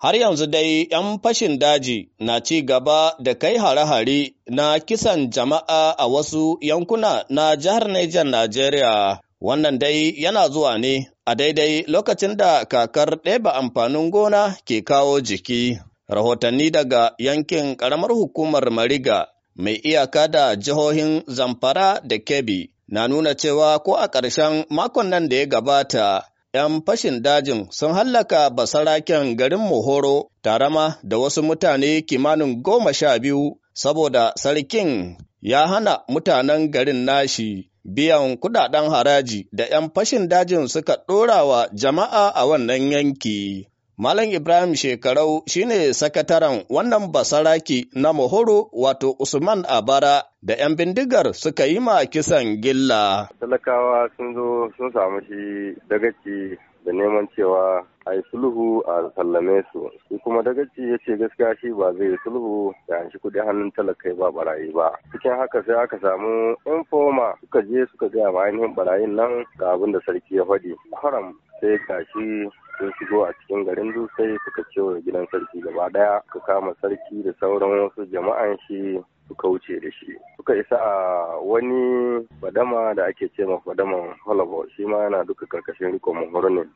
Har yanzu dai ‘yan fashin daji na ci gaba da kai hare-hare na kisan jama'a a wasu yankuna na jihar Nijar Najeriya. Wannan dai yana zuwa ne a daidai lokacin da kakar ɗeba amfanin gona ke kawo jiki. Rahotanni daga yankin ƙaramar hukumar Mariga mai iyaka da jihohin Zamfara da Kebbi na nuna cewa ko a ƙarshen makon nan da ya gabata. ‘yan fashin dajin sun hallaka basaraken garin Mohoro tarama da wasu mutane kimanin goma sha biyu saboda sarkin ya hana mutanen garin nashi biyan kudaden haraji da ‘yan fashin dajin suka ɗora wa jama'a a wannan yanki. Malam Ibrahim Shekarau shine sakataren wannan basaraki na Mahoro wato Usman Abara da 'yan bindigar suka yi ma kisan gilla. Talakawa sun zo sun samu shi dagaci da neman cewa a yi sulhu a sallame su shi kuma dagaci ya ce gaskiya shi ba zai yi sulhu da an shi kudi hannun talakai ba barayi ba cikin haka sai aka samu infoma suka je suka gaya ma ainihin barayin nan ga abin da sarki ya faɗi haram sai ga shi sun shigo a cikin garin dutse suka cewa gidan sarki gaba ɗaya. suka kama sarki da sauran wasu jama'an shi suka wuce da shi suka isa a wani fadama da ake ce ma fadaman hollywood shi ma yana duka karkashin rikon hornet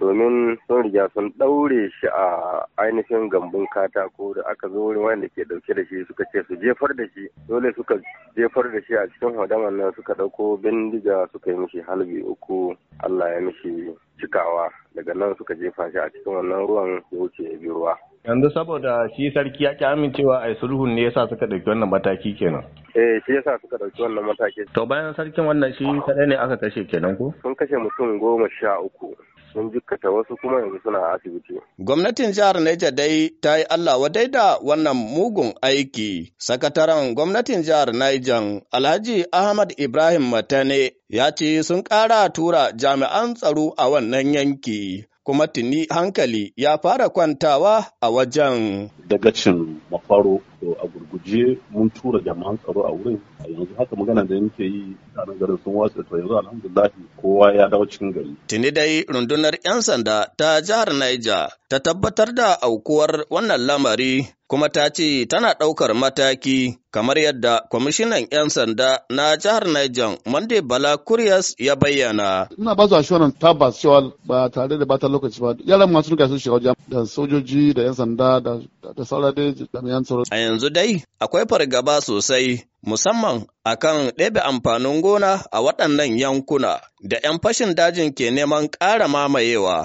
domin sun riga sun ɗaure shi a ainihin gambun katako da aka zo wurin wanda ke dauke da shi suka ce su jefar da shi dole suka jefar da shi a cikin fadaman nan suka ɗauko bindiga suka yi mishi halbi uku allah ya mishi cikawa daga nan suka jefa shi a cikin wannan ruwan ya wuce ya bi ruwa yanzu saboda shi sarki ya ki amincewa a sulhun ne yasa suka ɗauki wannan mataki kenan eh shi yasa suka ɗauki wannan mataki to bayan sarkin wannan shi kaɗai ne aka kashe kenan ko sun kashe mutum goma sha uku sun jikkata wasu kuma yanzu suna asibiti. Gwamnatin jihar Neja dai ta yi Allah wadai da wannan mugun aiki. Sakataren gwamnatin jihar Niger Alhaji Ahmad Ibrahim Matane ya ce sun ƙara tura jami'an tsaro a wannan yanki kuma tuni hankali ya fara kwantawa a wajen. Dagacin mafaro to a gurguje mun tura jama'an tsaro a wurin a yanzu haka magana da nake yi tsarin garin sun watsa to yanzu alhamdulillah kowa ya dawo cikin gari tuni dai rundunar yan sanda ta jihar Niger ta tabbatar da aukuwar wannan lamari kuma ta ce tana ɗaukar mataki kamar yadda kwamishinan 'yan sanda na jihar Niger Monday Bala Kuriyas ya bayyana. Ina ba su ashiwanan tabbas cewa ba tare da bata lokaci ba yaran masu nuka sun shiga da sojoji da 'yan sanda da sauran da jami'an tsaro. A yanzu dai akwai fargaba sosai musamman akan ɗebe amfanin gona a waɗannan yankuna da 'yan fashin dajin ke neman ƙara mamayewa.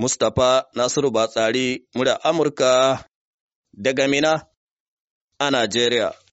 Mustapha Nasiru Batsari, mura Amurka daga Mina a Najeriya.